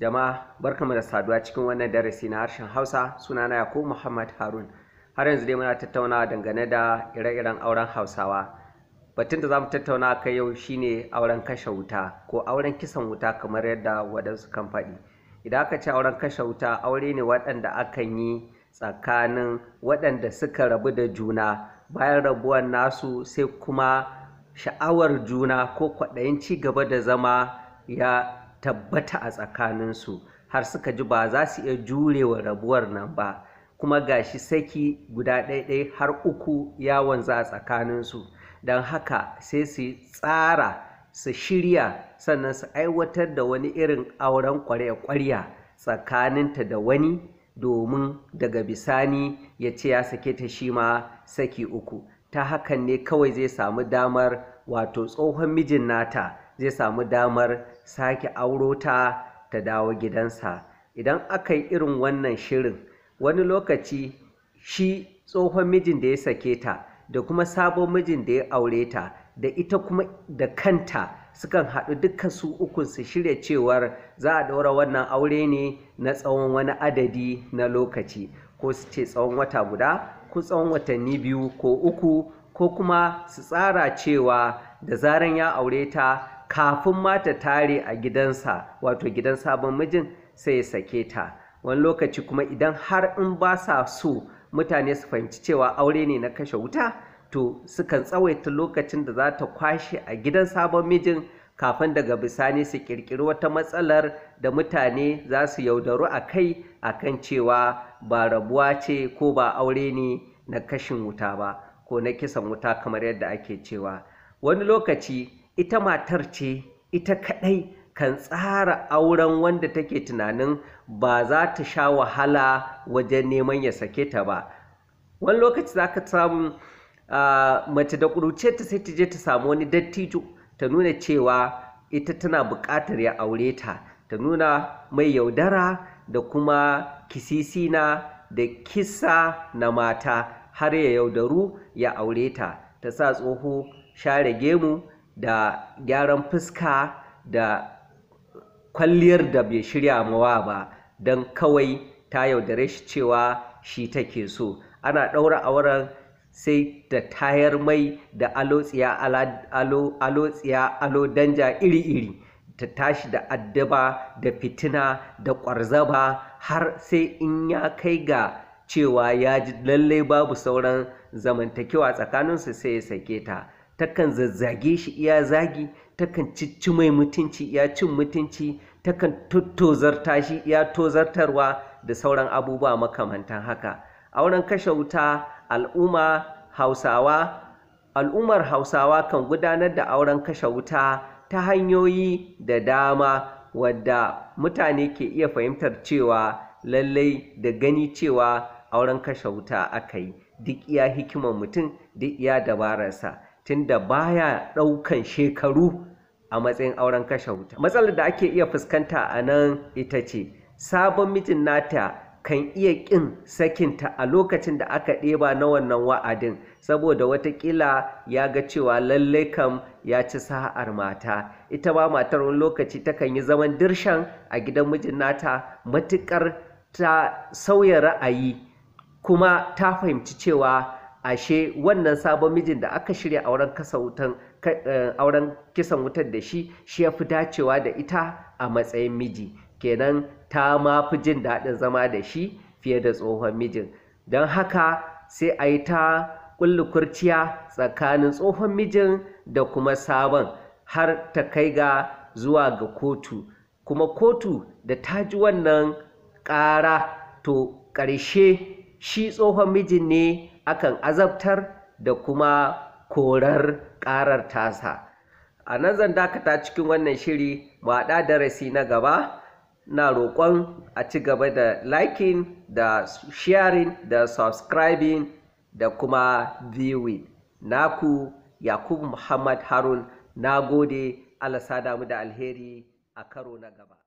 Jama'a barkamu da saduwa cikin wannan darasi na harshen Hausa suna sunana yakub Muhammad Harun. Har yanzu dai muna tattauna dangane da ire-iren auren Hausawa. Batun da zamu tattauna kai yau shine auren kashe wuta ko auren kisan wuta kamar yadda wadansu kan faɗi. Idan aka ce auren kashe wuta aure ne waɗanda akan yi tsakanin waɗanda suka rabu da juna bayan rabuwan nasu sai kuma sha'awar juna ko kwaɗayin ci gaba da zama ya tabbata a tsakaninsu har suka ji ba za su iya jurewa rabuwar nan ba kuma ga shi saki guda ɗaiɗai har uku yawon za a tsakaninsu don haka sai su tsara su shirya sannan su aiwatar da wani irin auren kwarya-kwarya tsakaninta da wani domin daga bisani ya ce ya sake ta shi ma saki uku ta hakan ne kawai zai samu damar wato tsohon mijin nata zai samu damar sake auro ta ta dawo gidansa idan aka yi irin wannan shirin wani lokaci shi tsohon mijin da ya sake ta da kuma sabon mijin da ya aure ta da ita kuma da kanta sukan haɗu dukkan su ukun su shirya cewar za a ɗora wannan aure ne na tsawon wani adadi na lokaci ko su ce tsawon wata guda ko tsawon watanni biyu ko uku ko kuma su tsara cewa da zaran ya aure ta kafin ma ta tare a gidansa wato gidan sabon mijin sai ya sake ta wani lokaci kuma idan har in ba sa so mutane su fahimci cewa aure ne na kashe wuta to sukan tsawaita lokacin da za ta kwashe a gidan sabon mijin kafin daga bisani su kirkiri wata matsalar da mutane za su yaudaru a kai a kan cewa ba rabuwa ce ko ba aure ne na kashin wuta ba ko na kisan wuta kamar yadda ake cewa wani lokaci ita matar ce ita kaɗai kan tsara auren wanda take tunanin ba za ta sha wahala wajen neman ya sake ta ba wani lokaci za ka samu mace da ƙuruce ta sai ta je ta samu wani dattijo ta nuna cewa ita tana buƙatar ya aure ta ta nuna mai yaudara da kuma kisisina da kisa na mata har ya yaudaru ya aure ta ta sa tsoho share gemu da gyaran fuska da kwalliyar da bai shirya mawa ba don kawai ta yaudare shi cewa shi take so ana ɗaura auren sai da tayar mai da alotsiya alo danja iri-iri ta tashi da addaba da fitina da ƙwarzaba har sai in ya kai ga cewa ya ji lallai babu sauran zamantakewa tsakaninsu sai ya sake ta takan zazzage shi iya zagi takan cicci mai mutunci iya cin mutunci takan tozarta shi iya tozartarwa da sauran abubuwa makamantan haka a wurin kashe wuta al'umma hausawa al'ummar hausawa kan gudanar da auren kashe wuta ta hanyoyi da dama wadda mutane ke iya fahimtar cewa lallai da gani cewa auren kashe wuta aka yi duk iya hikimar mutum duk iya dabararsa tunda baya ɗaukan shekaru a matsayin auren kashe wuta matsalar da ake iya fuskanta a nan ita ce sabon mijin nata kan iya ƙin sakinta a lokacin da aka ɗeba na wannan wa'adin saboda watakila ya ga cewa lalle kam ya ci sa'ar mata ita ba matar wani lokaci takan yi zaman dirshan a gidan mijin nata matuƙar ta sauya ra'ayi kuma ta fahimci cewa ashe wannan sabon mijin da aka shirya auren kasa wutan eh, auren kisan wutar da shi shi ya fi dacewa da ita a matsayin miji kenan ta ma fi jin daɗin zama da shi fiye da tsohon mijin don haka sai a yi ta kurciya tsakanin tsohon mijin da kuma sabon har ta kai ga zuwa ga kotu kuma kotu da ta ji wannan ƙara to ƙarshe shi tsohon mijin ne akan azabtar da kuma korar ƙarar tasa a nan zan dakata cikin wannan shiri mu haɗa darasi na gaba na roƙon a ci gaba da liking da sharing da subscribing da kuma viewing naku yakubu muhammad harun na gode allah mu da alheri a karo na gaba